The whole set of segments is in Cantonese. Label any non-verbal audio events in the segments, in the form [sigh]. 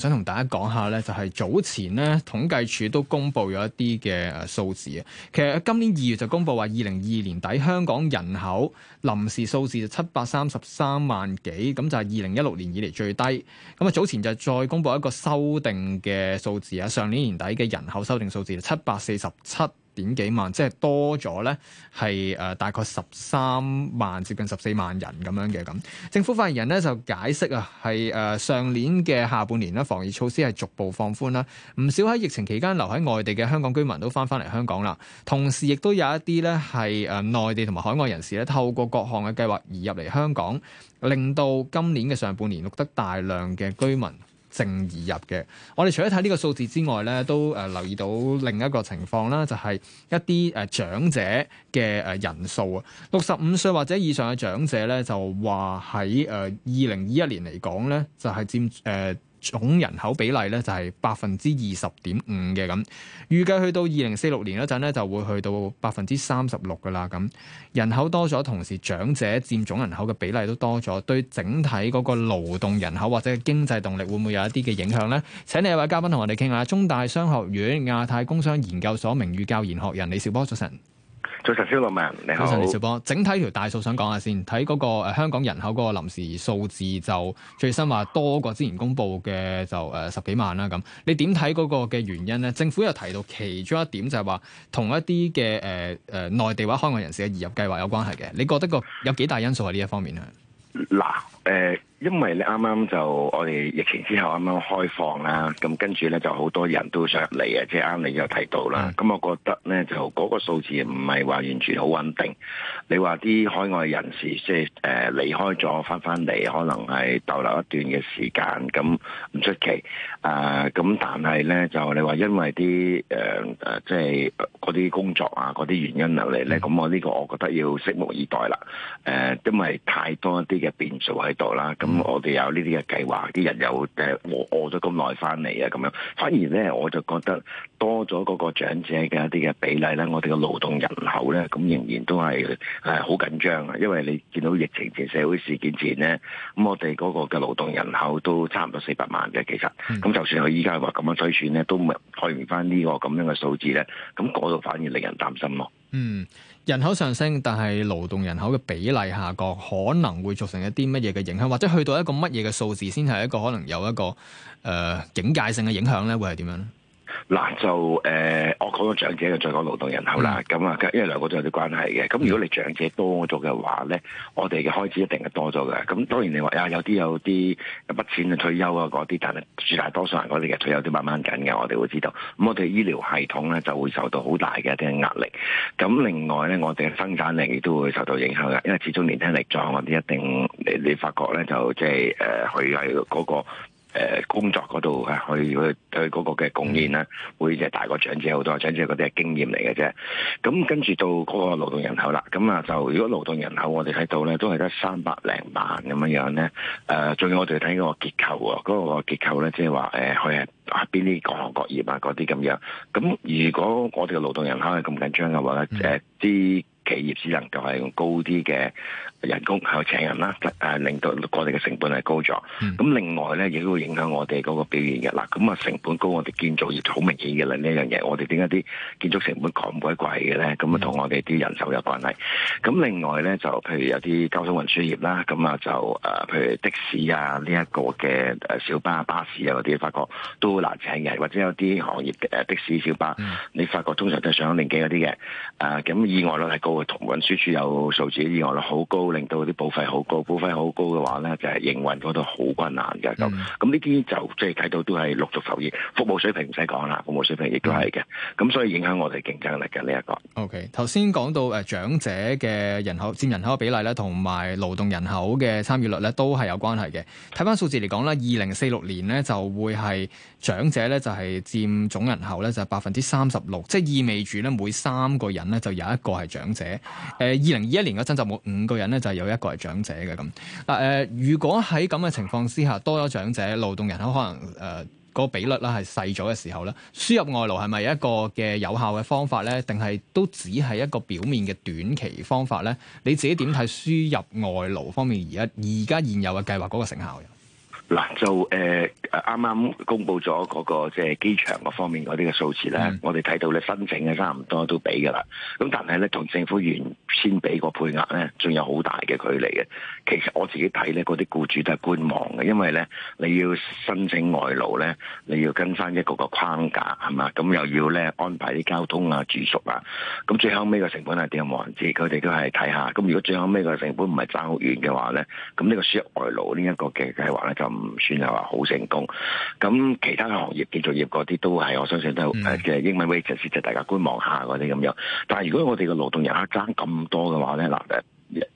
想同大家講下咧，就係早前咧統計處都公布咗一啲嘅數字啊。其實今年二月就公布話，二零二二年底香港人口臨時數字733就七百三十三萬幾，咁就係二零一六年以嚟最低。咁啊早前就再公布一個修訂嘅數字啊，上年年底嘅人口修訂數字就七百四十七點幾萬，即係多咗咧，係、呃、大概十三萬接近十四萬人咁樣嘅咁。政府發言人咧就解釋啊，係、呃、上年嘅下半年咧，防疫措施係逐步放寬啦，唔少喺疫情期間留喺外地嘅香港居民都翻翻嚟香港啦。同時亦都有一啲咧係內地同埋海外人士咧，透過各項嘅計劃移入嚟香港，令到今年嘅上半年錄得大量嘅居民。正而入嘅，我哋除咗睇呢個數字之外咧，都、呃、留意到另一個情況啦，就係、是、一啲誒、呃、長者嘅誒人數啊，六十五歲或者以上嘅長者咧，就話喺誒二零二一年嚟講咧，就係、是、佔、呃總人口比例咧就係百分之二十點五嘅咁，預計去到二零四六年嗰陣咧就會去到百分之三十六噶啦咁。人口多咗，同時長者佔總人口嘅比例都多咗，對整體嗰個勞動人口或者經濟動力會唔會有一啲嘅影響呢？請你一位嘉賓同我哋傾下，中大商學院亞太工商研究所名譽教研學人李兆波，早晨。早晨，肖樂文。早晨，李兆波。整體條大數想講下先，睇嗰個誒香港人口嗰個臨時數字就最新話多過之前公布嘅，就誒十幾萬啦咁。你點睇嗰個嘅原因咧？政府又提到其中一點就係話同一啲嘅誒誒內地或海外人士嘅移入計劃有關係嘅。你覺得個有幾大因素喺呢一方面咧？嗱。誒、呃，因為你啱啱就我哋疫情之後啱啱開放啦，咁跟住咧就好多人都想入嚟啊，即係啱你又提到啦，咁、嗯、我覺得咧就嗰個數字唔係話完全好穩定。你話啲海外人士即係誒、呃、離開咗翻翻嚟，可能係逗留一段嘅時間，咁唔出奇啊。咁、呃、但係咧就你話因為啲誒誒即係嗰啲工作啊，嗰啲原因留嚟咧，咁、嗯、我呢個我覺得要拭目以待啦。誒、呃，因為太多一啲嘅變數喺度啦，咁我哋有呢啲嘅計劃，啲人又誒餓咗咁耐翻嚟啊，咁樣反而咧我就覺得多咗嗰個長者嘅一啲嘅比例咧，我哋嘅勞動人口咧，咁仍然都係誒好緊張啊緊張，因為你見到疫情前、社會事件前咧，咁我哋嗰個嘅勞動人口都差唔多四百萬嘅，其實，咁、嗯、就算佢依家話咁樣推算咧，都唔係唔翻呢個咁樣嘅數字咧，咁嗰度反而令人擔心咯。嗯，人口上升，但係勞動人口嘅比例下降，可能會造成一啲乜嘢嘅影響？或者去到一個乜嘢嘅數字先係一個可能有一個誒、呃、警戒性嘅影響咧？會係點樣咧？嗱就誒、呃，我講個長者，就再講勞動人口啦。咁、嗯、啊，因為兩個都有啲關係嘅。咁如果你長者多咗嘅話咧、嗯，我哋嘅開支一定係多咗嘅。咁當然你話啊，有啲有啲筆錢啊退休啊嗰啲，但係絕大多數人嗰啲嘅退休都慢慢緊嘅，我哋會知道。咁我哋醫療系統咧就會受到好大嘅一啲壓力。咁另外咧，我哋嘅生產力亦都會受到影響嘅，因為始終年輕力壯，我哋一定你你發覺咧就即係誒，佢喺嗰個。誒、呃，工作嗰度啊，去去去嗰個嘅貢獻啦、嗯，會即係大過長者好多，長者嗰啲係經驗嚟嘅啫。咁跟住到嗰個勞動人口啦，咁啊就如果勞動人口我哋睇到咧，都係得三百零萬咁樣樣咧。誒、呃，仲要我哋睇個結構，嗰、那個結構咧，即係話誒，佢係邊啲各行各業啊，嗰啲咁樣。咁如果我哋嘅勞動人口係咁緊張嘅話咧，誒、嗯，啲、就是。企業只能夠係用高啲嘅人工去請人啦，誒、啊、令到我哋嘅成本係高咗。咁、mm. 另外咧，亦都會影響我哋嗰個表現嘅。嗱、啊，咁啊成本高，我哋建造業就好明顯嘅啦。呢一樣嘢，我哋點解啲建築成本咁鬼貴嘅咧？咁啊同我哋啲人手有關係。咁、mm. 另外咧就譬如有啲交通運輸業啦，咁啊就誒譬如的士啊呢一個、這個嘅誒小巴、巴士啊嗰啲，發覺都好難請人，或者有啲行業誒的、啊、的士、小巴，mm. 你發覺通常就上咗年紀嗰啲嘅，誒、啊、咁意外率係高。同運輸署有數字，意外率好高，令到啲保費好高，保費好高嘅話咧，就係營運嗰度好困難嘅。咁咁呢啲就即係睇到都係陸續受益，服務水平唔使講啦，服務水平亦都係嘅。咁所以影響我哋競爭力嘅呢一個。OK，頭先講到誒長者嘅人口佔人口嘅比例咧，同埋勞動人口嘅參與率咧，都係有關係嘅。睇翻數字嚟講咧，二零四六年咧就會係長者咧就係佔總人口咧就係百分之三十六，即係意味住咧每三個人咧就有一個係長者。者、呃，誒二零二一年嗰陣就冇五個人咧，就有一個係長者嘅咁。嗱、呃、誒，如果喺咁嘅情況之下多咗長者，勞動人口可能誒、呃，個比率啦係細咗嘅時候咧，輸入外勞係咪一個嘅有效嘅方法咧？定係都只係一個表面嘅短期方法咧？你自己點睇輸入外勞方面而家而家現有嘅計劃嗰個成效？嗱，就誒啱啱公布咗嗰個即係機場嗰方面嗰啲嘅數字咧，嗯，我哋睇到咧，申請嘅差唔多都俾㗎啦。咁但係咧，同政府原先俾個配額咧，仲有好大嘅距離嘅。其實我自己睇咧，嗰啲僱主都係觀望嘅，因為咧，你要申請外勞咧，你要跟翻一個個框架係嘛，咁又要咧，安排啲交通啊、住宿啊，咁最後尾個成本係點，冇人知。佢哋都係睇下，咁如果最後尾個成本唔係爭好遠嘅話咧，咁呢個輸入外勞呢一個嘅計劃咧就～唔算係話好成功，咁其他嘅行業、建造業嗰啲都係我相信都誒嘅、mm-hmm. 英文 waitress 就大家觀望下嗰啲咁樣。但係如果我哋嘅勞動人口爭咁多嘅話咧，嗱，誒，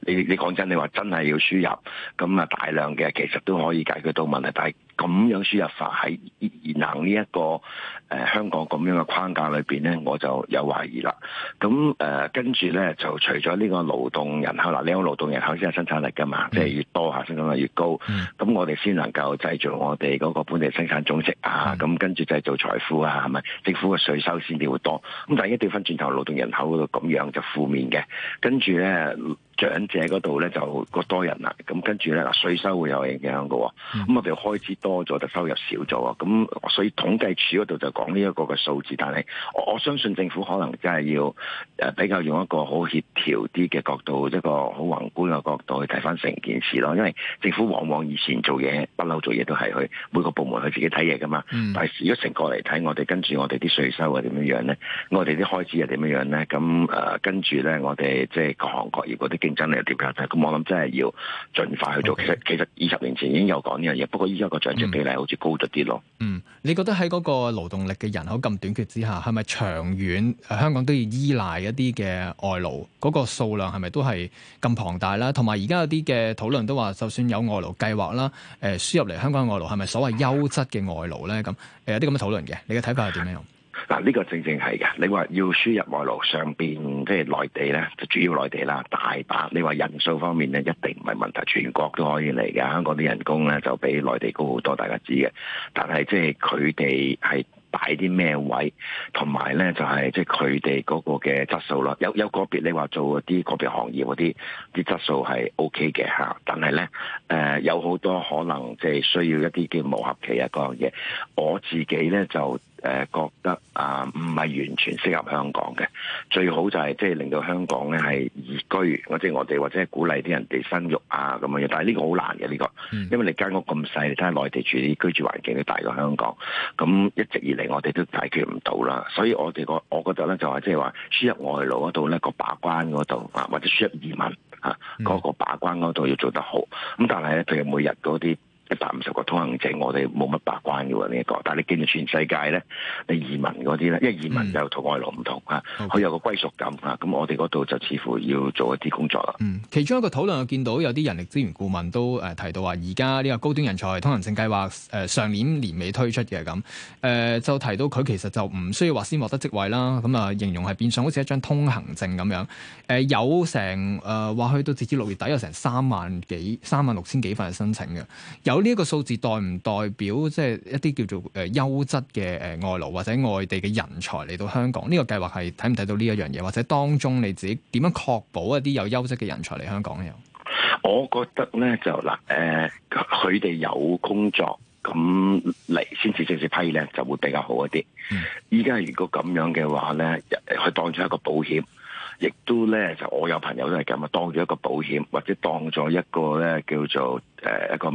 你你講真，你話真係要輸入咁啊大量嘅，其實都可以解決到問題，但係。 [music] 咁樣輸入法喺現行呢一個誒、呃、香港咁樣嘅框架裏面咧，我就有懷疑啦。咁誒跟住咧就除咗呢個勞動人口啦呢個勞動人口先有生產力噶嘛，嗯、即係越多下生產力越高。咁、嗯、我哋先能夠製造我哋嗰個本地生產總值、嗯、啊，咁跟住製造財富啊，係咪政府嘅稅收先至會多？咁但係一掉翻轉頭勞動人口嗰度咁樣就負面嘅，跟住咧長者嗰度咧就個多人啦，咁跟住咧嗱，稅收會有影響嘅。咁、嗯、我哋如開始。多咗就收入少咗啊！咁所以統計處嗰度就講呢一個嘅數字，但係我，我相信政府可能真係要誒、呃、比較用一個好協調啲嘅角度，一個好宏觀嘅角度去睇翻成件事咯。因為政府往往以前做嘢不嬲做嘢都係去，每個，都係去每個部門去自己睇嘢噶嘛。Mm. 但係如果成個嚟睇，我哋跟住我哋啲稅收係點樣樣咧？我哋啲開支係點樣樣咧？咁誒、呃、跟住咧，我哋即係各行各業嗰啲競爭力點點樣？咁我諗真係要盡快去做。Okay. 其實其實二十年前已經有講呢樣嘢，不過依家個。只比例好似高咗啲咯。嗯，你覺得喺嗰個勞動力嘅人口咁短缺之下，係咪長遠香港都要依賴一啲嘅外勞？嗰個數量係咪都係咁龐大啦？同埋而家有啲嘅討論都話，就算有外勞計劃啦，誒輸入嚟香港嘅外勞係咪所謂優質嘅外勞咧？咁誒有啲咁嘅討論嘅，你嘅睇法係點樣樣？嗱，呢個正正係㗎。你話要輸入外勞上邊，即係內地咧，就主要內地啦，大把。你話人數方面咧，一定唔係問題，全國都可以嚟㗎。香港啲人工咧就比內地高好多，大家知嘅。但係即係佢哋係擺啲咩位，同埋咧就係即係佢哋嗰個嘅質素啦。有有個別你話做啲個別行業嗰啲，啲質素係 O K 嘅吓。但係咧，誒、呃、有好多可能即係需要一啲嘅磨合期啊，嗰樣嘢。我自己咧就。誒、呃、覺得啊，唔、呃、係完全適合香港嘅，最好就係即係令到香港咧係宜居，或、就、者、是、我哋或者鼓勵啲人哋生育啊咁樣。但係呢個好難嘅呢、這個，因為你間屋咁細，你睇下內地處理居住環境都大過香港。咁一直以嚟，我哋都解決唔到啦。所以我哋個我覺得咧，就係即係話輸入外勞嗰度咧個把關嗰度啊，或者輸入移民嗰、啊那個把關嗰度要做得好。咁但係呢，譬如每日嗰啲。一百五十個通行證，我哋冇乜把關嘅喎呢一個。但係你見到全世界咧，你移民嗰啲咧，因為移民又同外勞唔同嚇，佢、嗯、有個歸屬感嚇。咁、嗯、我哋嗰度就似乎要做一啲工作啦。嗯，其中一個討論我見到有啲人力資源顧問都誒提到話，而家呢個高端人才通行證計劃誒上年年尾推出嘅咁，誒、呃、就提到佢其實就唔需要話先獲得職位啦。咁、呃、啊，形容係變相好似一張通行證咁樣。誒、呃、有成誒話去到直至六月底有成三萬幾、三萬六千幾份申請嘅，有。呢、一個數字代唔代表即係一啲叫做誒優質嘅誒外勞或者外地嘅人才嚟到香港？呢個計劃係睇唔睇到呢一樣嘢，或者當中你自己點樣確保一啲有優質嘅人才嚟香港嘅？我覺得咧就嗱誒，佢哋有工作咁嚟先至正式批咧，就會比較好一啲。嗯，依家如果咁樣嘅話咧，佢當咗一個保險，亦都咧就我有朋友都係咁啊，當咗一個保險或者當咗一個咧叫做誒一個。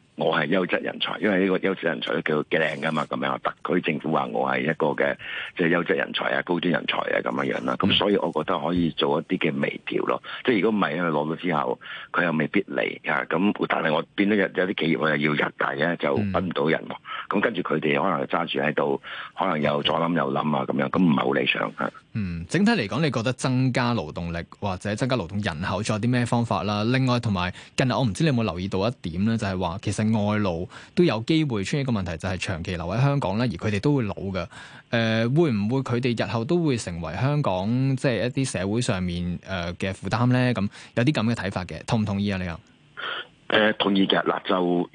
我係優質人才，因為呢個優質人才都叫幾靚噶嘛，咁樣特區政府話我係一個嘅即係優質人才啊、高端人才啊咁樣樣啦，咁、嗯、所以我覺得可以做一啲嘅微調咯。即係如果唔係咧，攞咗之後佢又未必嚟嚇，咁但係我變咗有啲企業我又要入大咧，就揾唔到人喎。咁跟住佢哋可能揸住喺度，可能又左諗右諗啊咁樣，咁唔係好理想。嗯，整體嚟講，你覺得增加勞動力或者增加勞動人口，仲有啲咩方法啦？另外同埋近日我唔知你有冇留意到一點咧，就係、是、話其實。外勞都有機會出現個問題就係長期留喺香港咧，而佢哋都會老嘅。誒，會唔會佢哋日後都會成為香港即係一啲社會上面誒嘅負擔咧？咁有啲咁嘅睇法嘅，同唔同意啊？你啊？誒，同意嘅。嗱，就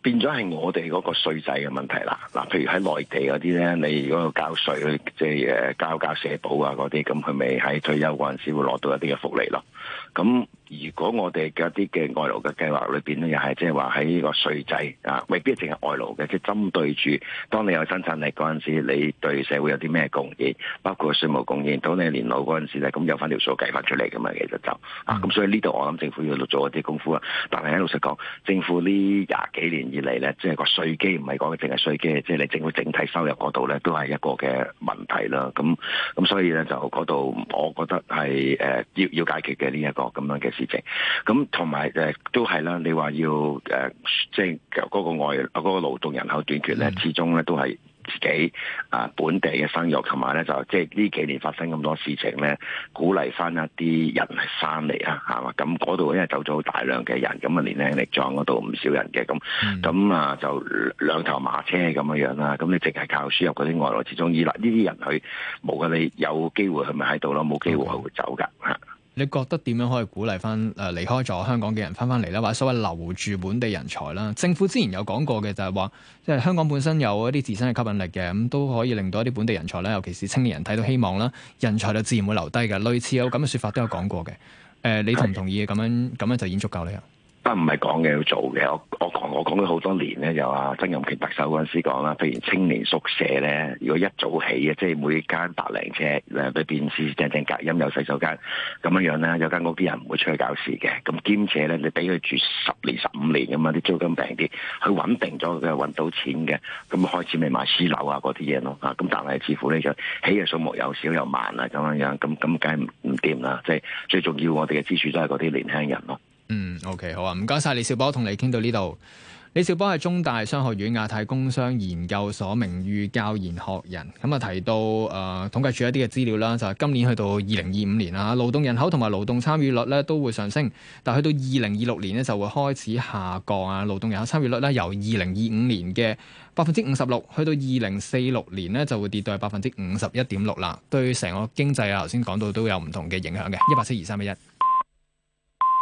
變咗係我哋嗰個稅制嘅問題啦。嗱，譬如喺內地嗰啲咧，你嗰個交稅，即係誒交交社保啊嗰啲，咁佢咪喺退休嗰陣時會攞到一啲嘅福利咯。咁如果我哋嘅一啲嘅外勞嘅計劃裏邊咧，又係即係話喺呢個稅制啊，未必淨係外勞嘅，即係針對住當你有生產力嗰陣時，你對社會有啲咩貢獻，包括稅務貢獻。到你年老嗰陣時咧，咁有翻條數計翻出嚟嘅嘛，其實就啊，咁所以呢度我諗政府要做一啲功夫。但係喺老實講，政府呢廿幾年以嚟咧，即係個稅基唔係講嘅淨係稅基，即係你政府整體收入嗰度咧，都係一個嘅問題啦。咁咁所以咧，就嗰度我覺得係、呃、要要解決嘅呢一個咁樣嘅。咁同埋誒，都係啦。你話要誒，即係嗰個外、嗰、嗰個勞動人口短缺咧，始終咧都係自己啊、呃、本地嘅生育，同埋咧就即係呢幾年發生咁多事情咧，鼓勵翻一啲人翻嚟啊，係嘛。咁嗰度因為走咗好大量嘅人，咁啊年輕力壯嗰度唔少人嘅，咁咁啊就兩頭馬車咁樣樣啦。咁你淨係靠輸入嗰啲外來，始終以嚟呢啲人去，冇嘅你有機會佢咪喺度咯？冇機會係會走噶吓。嗯你覺得點樣可以鼓勵翻誒、呃、離開咗香港嘅人翻翻嚟咧？或者所謂留住本地人才啦，政府之前有講過嘅就係話，即、就、係、是、香港本身有一啲自身嘅吸引力嘅，咁、嗯、都可以令到一啲本地人才咧，尤其是青年人睇到希望啦，人才就自然會留低嘅。類似有咁嘅說法都有講過嘅、呃。你同唔同意咁 [coughs] 樣咁樣就已經足夠你啊！不唔係講嘅要做嘅，我我講我講咗好多年咧，就話曾蔭權特首嗰陣時講啦，譬如青年宿舍咧，如果一早起嘅，即係每間百零尺誒，佢便斯斯正正隔音有洗手間咁樣樣咧，有間屋啲人唔會出去搞事嘅。咁兼且咧，你俾佢住十年十五年嘅嘛，啲租金平啲，佢穩定咗佢嘅，揾到錢嘅，咁開始咪買私樓啊嗰啲嘢咯嚇。咁但係似乎咧就起嘅數目又少又慢啊咁樣樣，咁咁梗係唔掂啦。即係最重要，我哋嘅支柱都係嗰啲年輕人咯。嗯，OK，好啊，唔該晒李兆波，同你傾到呢度。李兆波係中大商學院亞太工商研究所名譽教研學人，咁、嗯、啊提到誒、呃、統計處一啲嘅資料啦，就係、是、今年去到二零二五年啦，勞動人口同埋勞動參與率咧都會上升，但去到二零二六年呢，就會開始下降啊。勞動人口參與率咧由二零二五年嘅百分之五十六去到二零四六年呢，就會跌到百分之五十一點六啦，對成個經濟啊頭先講到都有唔同嘅影響嘅，一八七二三一一。